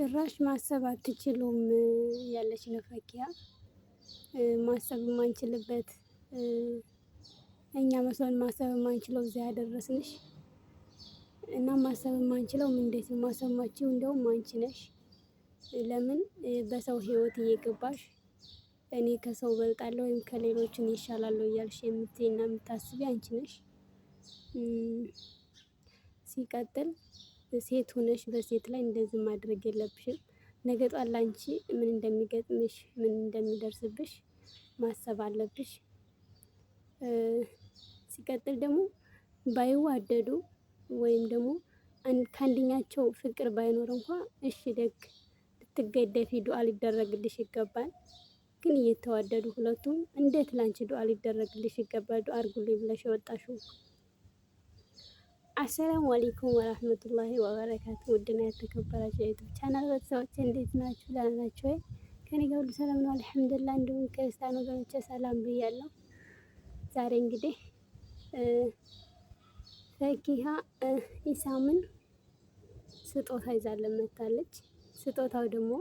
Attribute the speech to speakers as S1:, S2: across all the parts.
S1: ጭራሽ ማሰብ አትችሉም ያለች ነው ፈኪያ። ማሰብ የማንችልበት እኛ መስሎን ማሰብ የማንችለው እዚያ ያደረስንሽ እና ማሰብ የማንችለው እንዴት ነው ማሰማችሁ? እንደውም አንቺ ነሽ። ለምን በሰው ህይወት እየገባሽ እኔ ከሰው በልጣለሁ ወይም ከሌሎችን ይሻላለሁ እያልሽ የምትይና የምታስቢ አንቺ ነሽ። ሲቀጥል ሴት ሆነሽ በሴት ላይ እንደዚህ ማድረግ የለብሽም። ነገ ጧት ላንቺ ምን እንደሚገጥምሽ ምን እንደሚደርስብሽ ማሰብ አለብሽ። ሲቀጥል ደግሞ ባይዋደዱ ወይም ደግሞ ከአንደኛቸው ፍቅር ባይኖር እንኳ እሺ ደግ ልትገደፊ ዱዓ ሊደረግልሽ ይገባል። ግን እየተዋደዱ ሁለቱም እንዴት ላንቺ ዱዓ ሊደረግልሽ ይገባል? ዱዓ አድርጉልኝ ብለሽ የወጣሽው አሰላሙ አለይኩም ወራህመቱላሂ ወበረካቱ። ውድና የተከበራችሁ የዩቱብ ቻናል ቤተሰቦች እንዴት ናችሁ? ደህና ናችሁ ወይ? ከኔ ጋር ሁሉ ሰላም ነው አልሐምዱሊላህ። እንዲሁም ክርስቲያን ወገኖቼ ሰላም ብያለሁ። ዛሬ እንግዲህ ፈኪሃ ኢሳምን ስጦታ ይዛለን መታለች። ስጦታው ደግሞ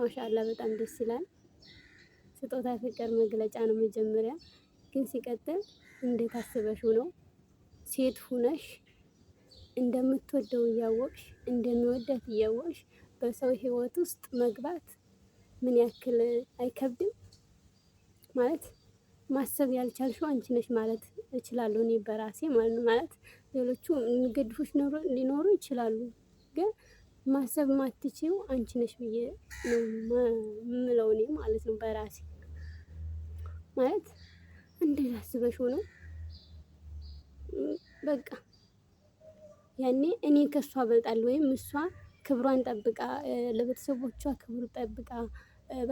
S1: ማሻአላ በጣም ደስ ይላል። ስጦታ ፍቅር መግለጫ ነው መጀመሪያ፣ ግን ሲቀጥል እንዴት አስበሽው ነው ሴት ሁነሽ እንደምትወደው እያወቅሽ እንደሚወዳት እያወቅሽ በሰው ህይወት ውስጥ መግባት ምን ያክል አይከብድም? ማለት ማሰብ ያልቻልሽው አንቺ ነሽ ማለት እችላለሁ እኔ በራሴ ማለት ነው። ማለት ሌሎቹ የሚገድፉሽ ሊኖሩ ይችላሉ፣ ግን ማሰብ ማትችው አንቺ ነሽ ብዬ ነው የምለው እኔ ማለት ነው በራሴ ማለት እንዴት አስበሽ ሆነው በቃ ያኔ እኔ ከእሷ በልጣል ወይም እሷ ክብሯን ጠብቃ ለቤተሰቦቿ ክብሩ ጠብቃ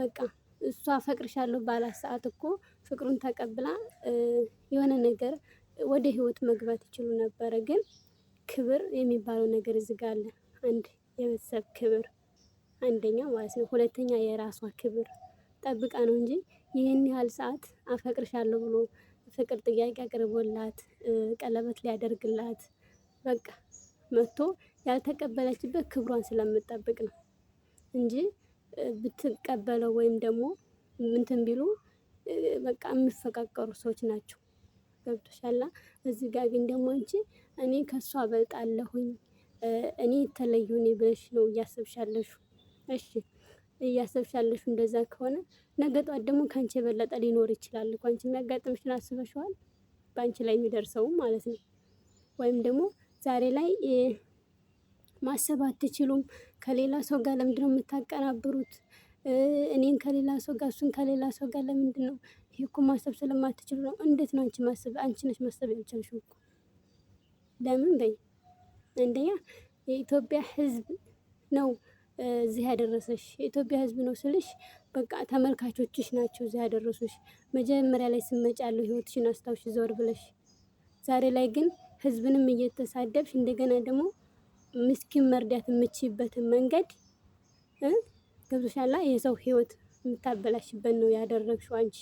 S1: በቃ እሷ ፈቅርሻለሁ ባላት ሰዓት እኮ ፍቅሩን ተቀብላ የሆነ ነገር ወደ ህይወት መግባት ይችሉ ነበረ። ግን ክብር የሚባለው ነገር እዚህ ጋር አለ። አንድ የቤተሰብ ክብር አንደኛ ማለት ነው። ሁለተኛ የራሷ ክብር ጠብቃ ነው እንጂ ይህን ያህል ሰዓት አፈቅርሻለሁ ብሎ ፍቅር ጥያቄ አቅርቦላት ቀለበት ሊያደርግላት በቃ መጥቶ ያልተቀበለችበት ክብሯን ስለምጠብቅ ነው እንጂ ብትቀበለው ወይም ደግሞ ምንትን ቢሉ በቃ የሚፈቃቀሩ ሰዎች ናቸው። ገብቶሻላ። እዚህ ጋር ግን ደግሞ እንጂ እኔ ከእሷ በልጣለሁኝ እኔ የተለየሁኝ ብለሽ ነው እያሰብሻለሹ። እሺ እያሰብሻለሽ እንደዛ ከሆነ ነገ ጧት ደግሞ ከአንቺ የበለጠ ሊኖር ይችላል እኮ አንቺ የሚያጋጥምሽን አስበሽዋል? በአንቺ ላይ የሚደርሰው ማለት ነው። ወይም ደግሞ ዛሬ ላይ ማሰብ አትችሉም። ከሌላ ሰው ጋር ለምንድነው የምታቀናብሩት? እኔን ከሌላ ሰው ጋር እሱን ከሌላ ሰው ጋር ለምንድን ነው? ይህ እኮ ማሰብ ስለማትችሉ ነው። እንዴት ነው አንቺ ማሰብ አንቺ ነች ማሰብ ያልቻልሽው እኮ ለምን በይ። አንደኛ የኢትዮጵያ ህዝብ ነው እዚህ ያደረሰሽ የኢትዮጵያ ህዝብ ነው ስልሽ በቃ ተመልካቾችሽ ናቸው እዚህ ያደረሱሽ። መጀመሪያ ላይ ስመጫለሁ ያለው ህይወትሽን አስታውሽ ዘወር ብለሽ። ዛሬ ላይ ግን ህዝብንም እየተሳደብሽ እንደገና ደግሞ ምስኪን መርዳት የምችይበትን መንገድ ገብቶሻላ። የሰው ህይወት የምታበላሽበት ነው ያደረግሽው አንቺ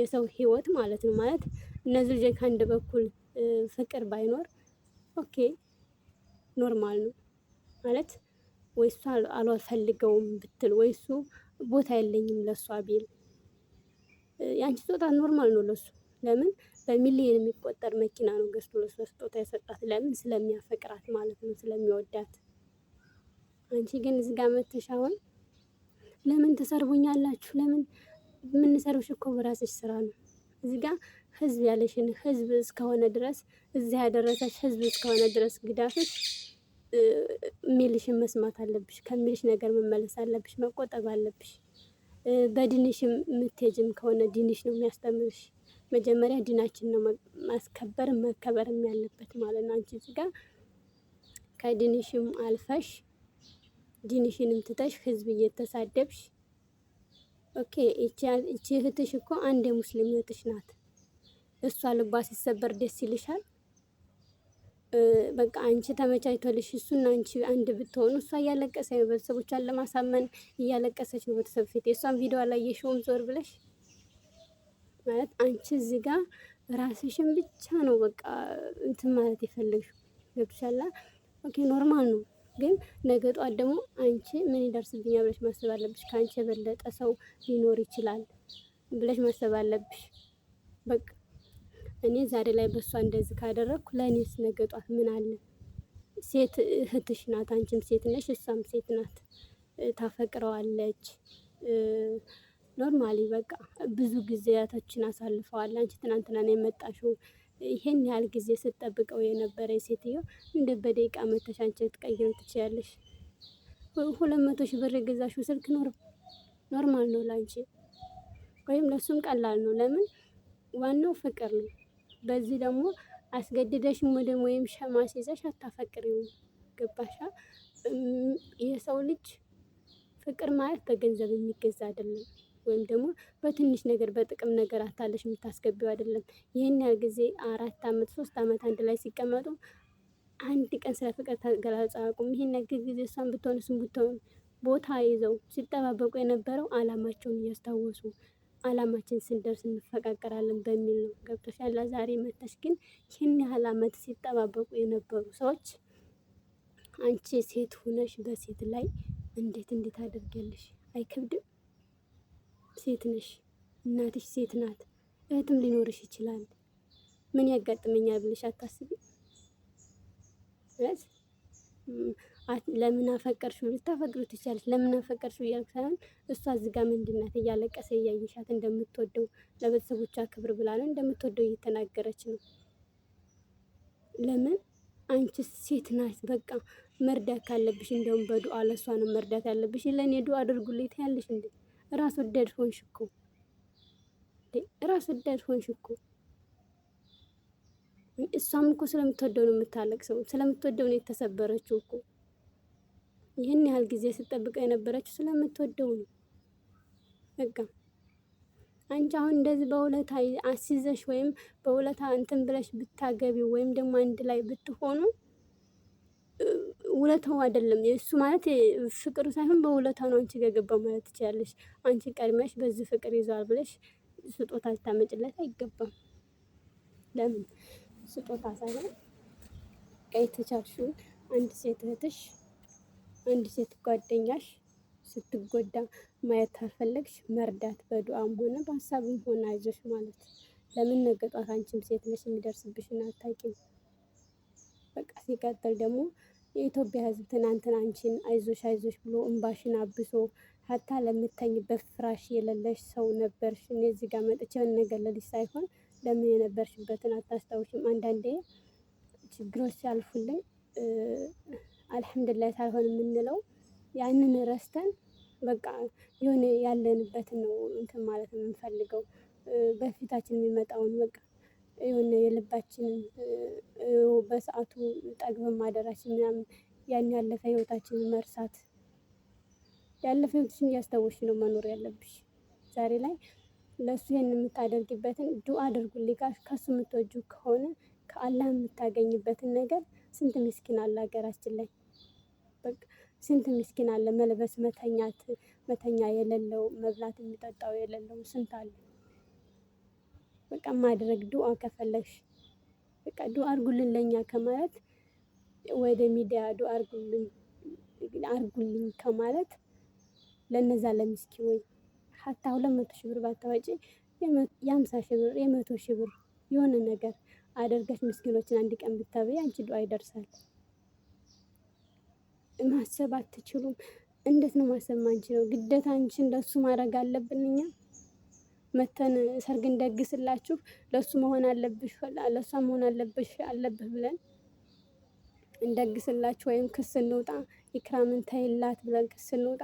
S1: የሰው ህይወት ማለት ነው። ማለት እነዚህ ልጆች ከአንድ በኩል ፍቅር ባይኖር ኦኬ ኖርማል ነው ማለት ወይ እሱ አልፈልገውም ብትል ወይ እሱ ቦታ የለኝም ለእሷ ቢል የአንቺ ስጦታ ኖርማል ነው ለሱ። ለምን በሚሊየን የሚቆጠር መኪና ነው ገዝቶ ለሷ ስጦታ የሰጣት። ለምን ስለሚያፈቅራት ማለት ነው፣ ስለሚወዳት። አንቺ ግን እዚህ ጋር መተሽ አሁን ለምን ተሰርቡኛላችሁ? ለምን የምንሰርብሽ እኮ በራስሽ ስራ ነው። እዚህ ጋር ህዝብ ያለሽን ህዝብ እስከሆነ ድረስ እዚህ ያደረሰሽ ህዝብ እስከሆነ ድረስ ግዳፍሽ ሚልሽን መስማት አለብሽ። ከሚልሽ ነገር መመለስ አለብሽ። መቆጠብ አለብሽ። በድንሽም የምትሄጂም ከሆነ ድንሽ ነው የሚያስተምርሽ። መጀመሪያ ድናችን ነው ማስከበር መከበርም ያለበት ማለት ነው። አንቺ እዚህ ጋር ከድንሽም አልፈሽ ድንሽንም ትተሽ ህዝብ እየተሳደብሽ ኦኬ። እቺ እህትሽ እኮ አንድ የሙስሊም እህትሽ ናት። እሷ ልቧ ሲሰበር ደስ ይልሻል። በቃ አንቺ ተመቻችቶልሽ እሱና አንቺ አንድ ብትሆኑ። እሷ እያለቀሰ ነው፣ ቤተሰቦቿን ለማሳመን እያለቀሰች ነው ቤተሰብ ፊት። የእሷን ቪዲዮ አላየሽውም? ዞር ብለሽ ማለት አንቺ እዚህ ጋር ራስሽን ብቻ ነው በቃ እንትን ማለት የፈለግሽው ገብቶሻል። ኦኬ ኖርማል ነው፣ ግን ነገ ጧት ደግሞ አንቺ ምን ይደርስብኛል ብለሽ ማሰብ አለብሽ። ከአንቺ የበለጠ ሰው ሊኖር ይችላል ብለሽ ማሰብ አለብሽ በቃ እኔ ዛሬ ላይ በእሷ እንደዚህ ካደረግኩ ለእኔስ ነገ ጧት ምን አለ? ሴት እህትሽ ናት፣ አንቺም ሴት ነሽ፣ እሷም ሴት ናት። ታፈቅረዋለች ኖርማሊ በቃ ብዙ ጊዜያቶችን አሳልፈዋል። አንቺ ትናንትና ነው የመጣሽው። ይሄን ያህል ጊዜ ስትጠብቀው የነበረ ሴትዮ እንደ በደቂቃ መተሽ አንቺ ልትቀይረው ትችያለሽ። ሁለት መቶ ሺህ ብር የገዛሽው ስልክ ኖርማል ነው ለአንቺ፣ ወይም ለእሱም ቀላል ነው። ለምን ዋናው ፍቅር ነው። በዚህ ደግሞ አስገድደሽ ምድም ወይም ሸማ ሲይዘሽ አታፈቅሪውም። ገባሻ? የሰው ልጅ ፍቅር ማለት በገንዘብ የሚገዛ አይደለም። ወይም ደግሞ በትንሽ ነገር በጥቅም ነገር አታለሽ የምታስገቢው አይደለም። ይህን ያህል ጊዜ አራት አመት ሶስት አመት አንድ ላይ ሲቀመጡ አንድ ቀን ስለ ፍቅር ተገላጽ አያውቁም። ይህን ያህል ጊዜ እሷን ብትሆን እሱን ብትሆን ቦታ ይዘው ሲጠባበቁ የነበረው አላማቸውን እያስታወሱ አላማችን ስንደርስ እንፈቃቀራለን በሚል ነው። ገብቶሻል። ዛሬ መተሽ ግን ይህን ያህል አመት ሲጠባበቁ የነበሩ ሰዎች አንቺ ሴት ሁነሽ በሴት ላይ እንዴት እንዴት አድርጊያለሽ? አይከብድም? ሴት ነሽ፣ እናትሽ ሴት ናት፣ እህትም ሊኖርሽ ይችላል። ምን ያጋጥመኛል ብለሽ አታስቢ። ለምን አፈቀርሽው ልታፈቅሩ ትችላለች። ለምን አፈቀርሽ እያልኩ ሳይሆን እሷ እዚህ ጋር ምንድናት እያለቀሰ እያየሻት እንደምትወደው ለቤተሰቦቿ ክብር ብላ ነው እንደምትወደው እየተናገረች ነው። ለምን አንቺ ሴት ናት፣ በቃ መርዳት ካለብሽ እንደውም በዱዓ ለእሷ ነው መርዳት ያለብሽ። ለእኔ ዱዓ አድርጉልኝ ትያለሽ እንዴ? ራስ ወዳድ ሆንሽ እኮ ራስ ወዳድ ሆንሽ እኮ። እሷም እኮ ስለምትወደው ነው የምታለቅሰው፣ ስለምትወደው ነው የተሰበረችው እኮ ይህን ያህል ጊዜ ስጠብቀው የነበረችው ስለምትወደው ነው። በቃ አንቺ አሁን እንደዚህ በውለታ አስይዘሽ ወይም በውለታ እንትን ብለሽ ብታገቢ ወይም ደግሞ አንድ ላይ ብትሆኑ ውለታው አይደለም እሱ ማለት ፍቅሩ ሳይሆን በውለታ ነው አንቺ ገገባ ማለት ትችላለሽ። አንቺ ቀድመሽ በዚህ ፍቅር ይዟል ብለሽ ስጦታ ልታመጭለት አይገባም። ለምን ስጦታ ሳይሆን ቀይ ተቻልሹ አንድ ሴት እህትሽ አንድ ሴት ጓደኛሽ ስትጎዳ ማየት ካልፈለግሽ መርዳት በዱዓም ሆነ በሀሳብም ሆነ አይዞሽ ማለት ለምን ነገ አንቺም ሴት ነሽ የሚደርስብሽን አታውቂም። በቃ ሲቀጥል ደግሞ የኢትዮጵያ ሕዝብ ትናንትና አንቺን አይዞሽ አይዞሽ ብሎ እምባሽን አብሶ ሀታ ለምተኝበት ፍራሽ የሌለሽ ሰው ነበርሽ። እኔ እዚህ ጋር መጥቼ ነገር ለልሽ ሳይሆን ለምን የነበርሽበትን አታስታውሽም። አንዳንዴ ችግሮች ያልፉልኝ አልሐምዱሊላህ ሳይሆን የምንለው ያንን ረስተን በቃ የሆነ ያለንበትን ነው እንትን ማለት ነው የምንፈልገው። በፊታችን የሚመጣውን በቃ የሆነ የልባችንን በሰዓቱ ጠግበን ማደራችን ምናምን ያን ያለፈ ህይወታችንን መርሳት። ያለፈ ህይወትሽን እያስታወሽ ነው መኖር ያለብሽ። ዛሬ ላይ ለእሱ ይህን የምታደርጊበትን ዱአ አድርጉልኝ ጋር ከሱ የምትወጁ ከሆነ ከአላህ የምታገኝበትን ነገር ስንት ምስኪን አለ ሀገራችን ላይ በቃ ስንት ምስኪን አለ መልበስ መተኛት መተኛ የሌለው መብላት የሚጠጣው የሌለው ስንት አለ። በቃ ማድረግ ዱአ ከፈለግሽ በቃ ዱአ አርጉልን ለእኛ ከማለት ወደ ሚዲያ ዱአ አርጉልን አርጉልኝ ከማለት ለነዛ ለምስኪኖች ሀታ ሁለት መቶ ሺህ ብር ባታወጪ የአምሳ ሺህ ብር የመቶ ሺህ ብር የሆነ ነገር አደርገሽ ምስኪኖችን አንድ ቀን ብታበይ አንቺ ዱአ ይደርሳል። ማሰብ አትችሉም። እንዴት ነው ማሰብ ማንችለው? ግዴታ አንቺ እንደሱ ማድረግ አለብን እኛ መተን ሰርግ እንደግስላችሁ ለሱ መሆን አለብሽ ለሷ መሆን አለብሽ አለብህ ብለን እንደግስላችሁ ወይም ክስ እንውጣ ኢክራምን ተይላት ብለን ክስ እንውጣ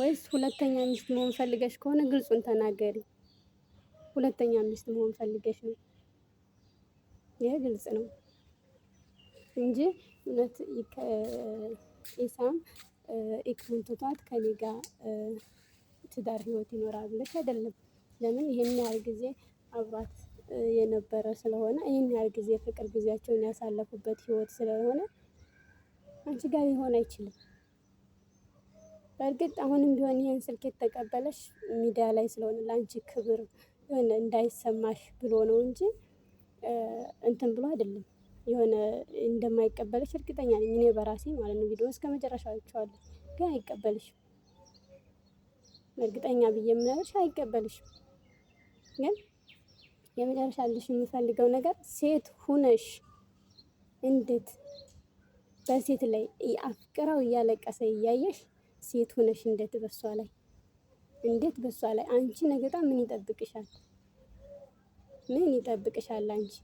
S1: ወይስ ሁለተኛ ሚስት መሆን ፈልገሽ ከሆነ ግልጹን ተናገሪ። ሁለተኛ ሚስት መሆን ፈልገሽ ነው። ይህ ግልጽ ነው። እንጂ እውነት ኢሳም ከኔጋ ከኔ ጋር ትዳር ህይወት ይኖራል ብለሽ አይደለም። ለምን ይህን ያህል ጊዜ አብሯት የነበረ ስለሆነ ይህን ያህል ጊዜ ፍቅር ጊዜያቸውን ያሳለፉበት ህይወት ስለሆነ አንቺ ጋር ሊሆን አይችልም። በእርግጥ አሁንም ቢሆን ይህን ስልክ የተቀበለሽ ሚዲያ ላይ ስለሆነ ለአንቺ ክብር እንዳይሰማሽ ብሎ ነው እንጂ እንትን ብሎ አይደለም። የሆነ እንደማይቀበልሽ እርግጠኛ ነኝ እኔ በራሴ ማለት ነው። ቪዲዮ እስከ መጨረሻ አይቼዋለሁ፣ ግን አይቀበልሽም። እርግጠኛ ብዬ የምነግርሽ አይቀበልሽም። ግን የመጨረሻ ልሽ የምፈልገው ነገር ሴት ሁነሽ እንዴት በሴት ላይ አፍቅረው እያለቀሰ እያየሽ ሴት ሁነሽ እንዴት በሷ ላይ እንዴት በሷ ላይ አንቺ ነገጣ ምን ይጠብቅሻል? ምን ይጠብቅሻል አንቺ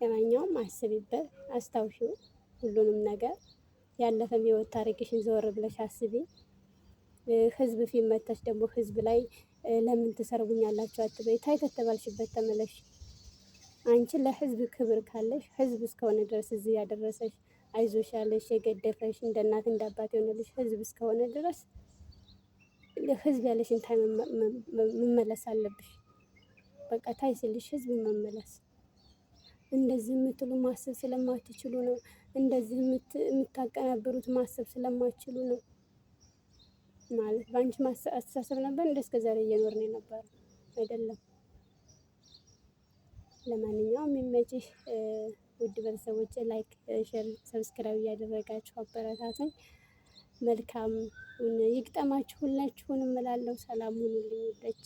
S1: ለማንኛውም አስቢበት፣ አስታውሺው ሁሉንም ነገር ያለፈም ህይወት ታሪክሽን ዘወር ብለሽ አስቢ። ህዝብ ፊት መጥተሽ ደግሞ ህዝብ ላይ ለምን ትሰርቡኛላችሁ አትበይ። ታይ ተተባልሽበት ተመለሽ። አንቺ ለህዝብ ክብር ካለሽ ህዝብ እስከሆነ ድረስ እዚህ ያደረሰሽ አይዞሽ ያለሽ የገደፈሽ እንደ እናት እንደ አባት የሆነልሽ ህዝብ እስከሆነ ድረስ ህዝብ ያለሽን ታይ መመለስ አለብሽ። በቃ ታይስልሽ ህዝብ መመለስ እንደዚህ የምትሉ ማሰብ ስለማትችሉ ነው። እንደዚህ የምታቀናብሩት ማሰብ ስለማትችሉ ነው። ማለት በአንቺ አስተሳሰብ ነበር እንደ እስከ ዛሬ ነው የነበረ አይደለም። ለማንኛውም የሚመችሽ ውድ ቤተሰቦች፣ ላይክ፣ ሼር፣ ሰብስክራይብ እያደረጋችሁ አበረታታኝ። መልካም ይግጠማችሁ ሁላችሁንም እላለሁ። ሰላም ሁኑልኝ ውዶች።